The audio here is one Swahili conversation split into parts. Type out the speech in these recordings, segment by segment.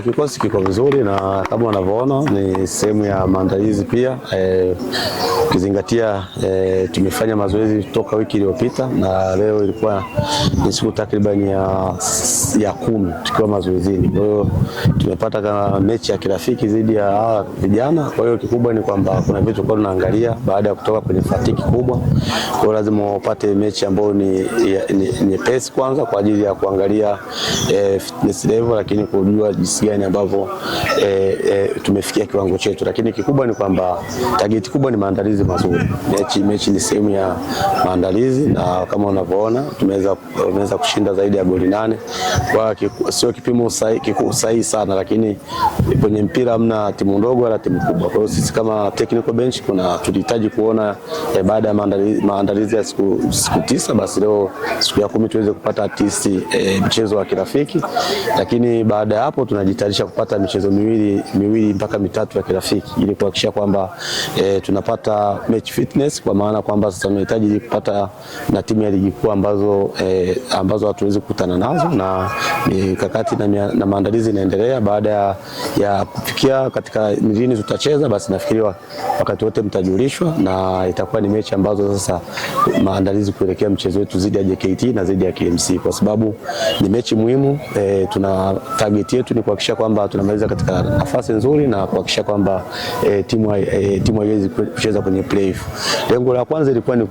Kikosi kiko vizuri na kama wanavyoona ni sehemu ya maandalizi pia eh, ukizingatia e, e, tumefanya mazoezi toka wiki iliyopita na leo ilikuwa ni siku takriban ya, ya kumi tukiwa mazoezini. Kwa hiyo tumepata kama mechi ya kirafiki dhidi ya vijana. Kwa hiyo kikubwa ni kwamba kuna vitu kwa tunaangalia baada ya kutoka kwenye fatiki kubwa. Kwa hiyo lazima upate mechi ambayo ni nyepesi kwanza kwa ajili ya kuangalia e, fitness level, lakini kujua jinsi gani ambavyo e, e, tumefikia kiwango chetu, lakini kikubwa ni kwamba tageti kubwa ni maandalizi mazuri. Mechi mechi ni sehemu ya maandalizi, na kama unavyoona tumeweza kushinda zaidi ya goli nane, kwa kiku, sio kipimo sahihi sahi sana, lakini kwenye mpira hamna timu ndogo wala timu kubwa. Kwa hiyo sisi kama technical bench kuna tulihitaji kuona e, baada ya maandalizi, maandalizi ya siku, siku tisa basi leo siku ya kumi tuweze kupata tisi e, mchezo wa kirafiki, lakini baada ya hapo tunaji tunajitayarisha kupata michezo miwili miwili mpaka mitatu ya kirafiki ili kuhakikisha kwamba e, tunapata match fitness, kwa maana kwamba sasa tunahitaji kupata na timu ya ligi kuu ambazo e, ambazo hatuwezi kukutana nazo, na mikakati na, na maandalizi inaendelea. Baada ya ya kufikia katika milini tutacheza, basi nafikiri wakati wote mtajulishwa, na itakuwa ni mechi ambazo sasa maandalizi kuelekea mchezo wetu zidi ya JKT na zidi ya KMC, kwa sababu ni mechi muhimu e, tuna target yetu ni kwa kuhakikisha kwamba tunamaliza katika nafasi nzuri na kuhakikisha kwamba e, timu e, timu haiwezi kucheza kwenye playoff. Lengo la kwanza ilikuwa ni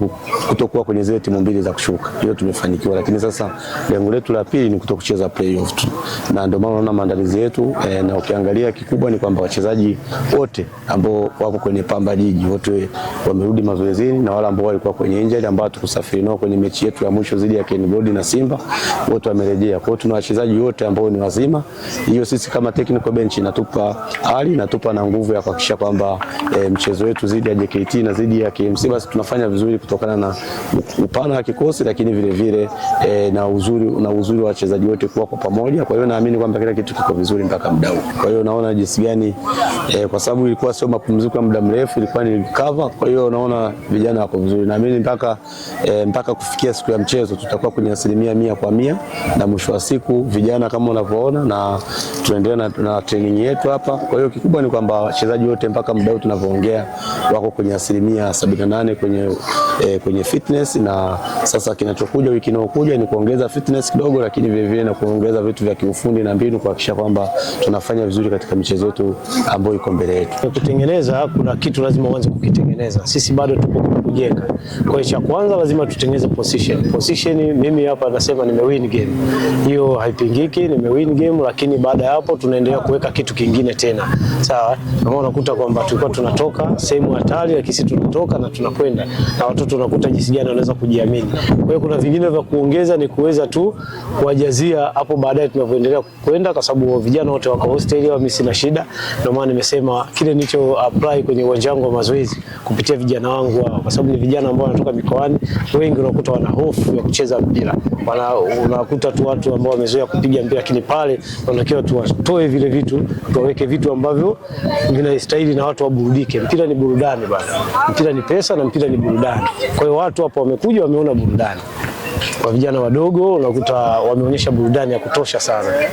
kutokuwa kwenye zile timu mbili za kushuka, hiyo tumefanikiwa, lakini sasa lengo letu la pili ni kutokucheza playoff tu, na ndio maana unaona maandalizi yetu e, na ukiangalia kikubwa ni kwamba wachezaji wote ambao wako kwenye Pamba Jiji wote wamerudi mazoezini na wale ambao walikuwa kwenye injury ambao tukusafiri nao kwenye mechi yetu ya mwisho dhidi ya Kengold na Simba wote wamerejea. Kwa hiyo tuna wachezaji wote ambao ni wazima, hiyo sisi sisi kama technical bench inatupa hali inatupa na nguvu ya kuhakikisha kwamba e, mchezo wetu zidi ya JKT na zidi ya KMC basi tunafanya vizuri kutokana na upana wa kikosi, lakini vile vile e, na uzuri na uzuri wa wachezaji wote kuwa kwa pamoja. Kwa hiyo naamini kwamba kila kitu kiko vizuri mpaka mdau. Kwa hiyo naona jinsi gani e, kwa sababu ilikuwa sio mapumziko ya muda mrefu, ilikuwa ni recover. Kwa hiyo naona vijana wako vizuri, naamini mpaka e, mpaka kufikia siku ya mchezo tutakuwa kwenye asilimia mia kwa mia, na mwisho wa siku vijana kama unavyoona na tunaendelea na, na training yetu hapa. Kwa hiyo kikubwa ni kwamba wachezaji wote mpaka muda huu tunavyoongea wako kwenye asilimia sabini kwenye, eh, kwenye fitness na sasa kinachokuja wiki inayokuja ni kuongeza fitness kidogo, lakini vile vile na kuongeza vitu vya kiufundi na mbinu kuhakikisha kwamba tunafanya vizuri katika michezo yetu ambayo iko mbele yetu. Kutengeneza, kuna kitu lazima uanze kukitengeneza. Sisi bado tupo kujenga. Kwa hiyo cha kwanza lazima tutengeneze position. Position mimi hapa nasema nime win game, hiyo haipingiki, nime win game, lakini baada hapo tunaendelea kuweka kitu kingine tena, sawa. Kama unakuta kwamba tulikuwa tunatoka sehemu hatari, lakini sisi tunatoka na tunakwenda na watoto, unakuta jinsi gani wanaweza kujiamini. Kwa hiyo kuna vingine vya kuongeza, ni kuweza tu kuwajazia hapo baadaye tunavyoendelea kwenda, kwa sababu vijana wote wako hosteli, wa mimi sina shida. Ndio maana nimesema kile nilicho apply kwenye uwanja wangu wa mazoezi kupitia vijana wangu wao, kwa sababu ni vijana ambao wanatoka mikoani, wengi unakuta wana hofu ya kucheza mpira, wanakuta tu watu ambao wamezoea kupiga mpira, lakini pale wanakiwa tu watoe vile vitu, waweke vitu ambavyo vinastahili na watu waburudike. Mpira ni burudani bana, mpira ni pesa na mpira ni burudani. Kwa hiyo watu hapo wamekuja, wameona burudani. Kwa vijana wadogo unakuta wameonyesha burudani ya kutosha sana.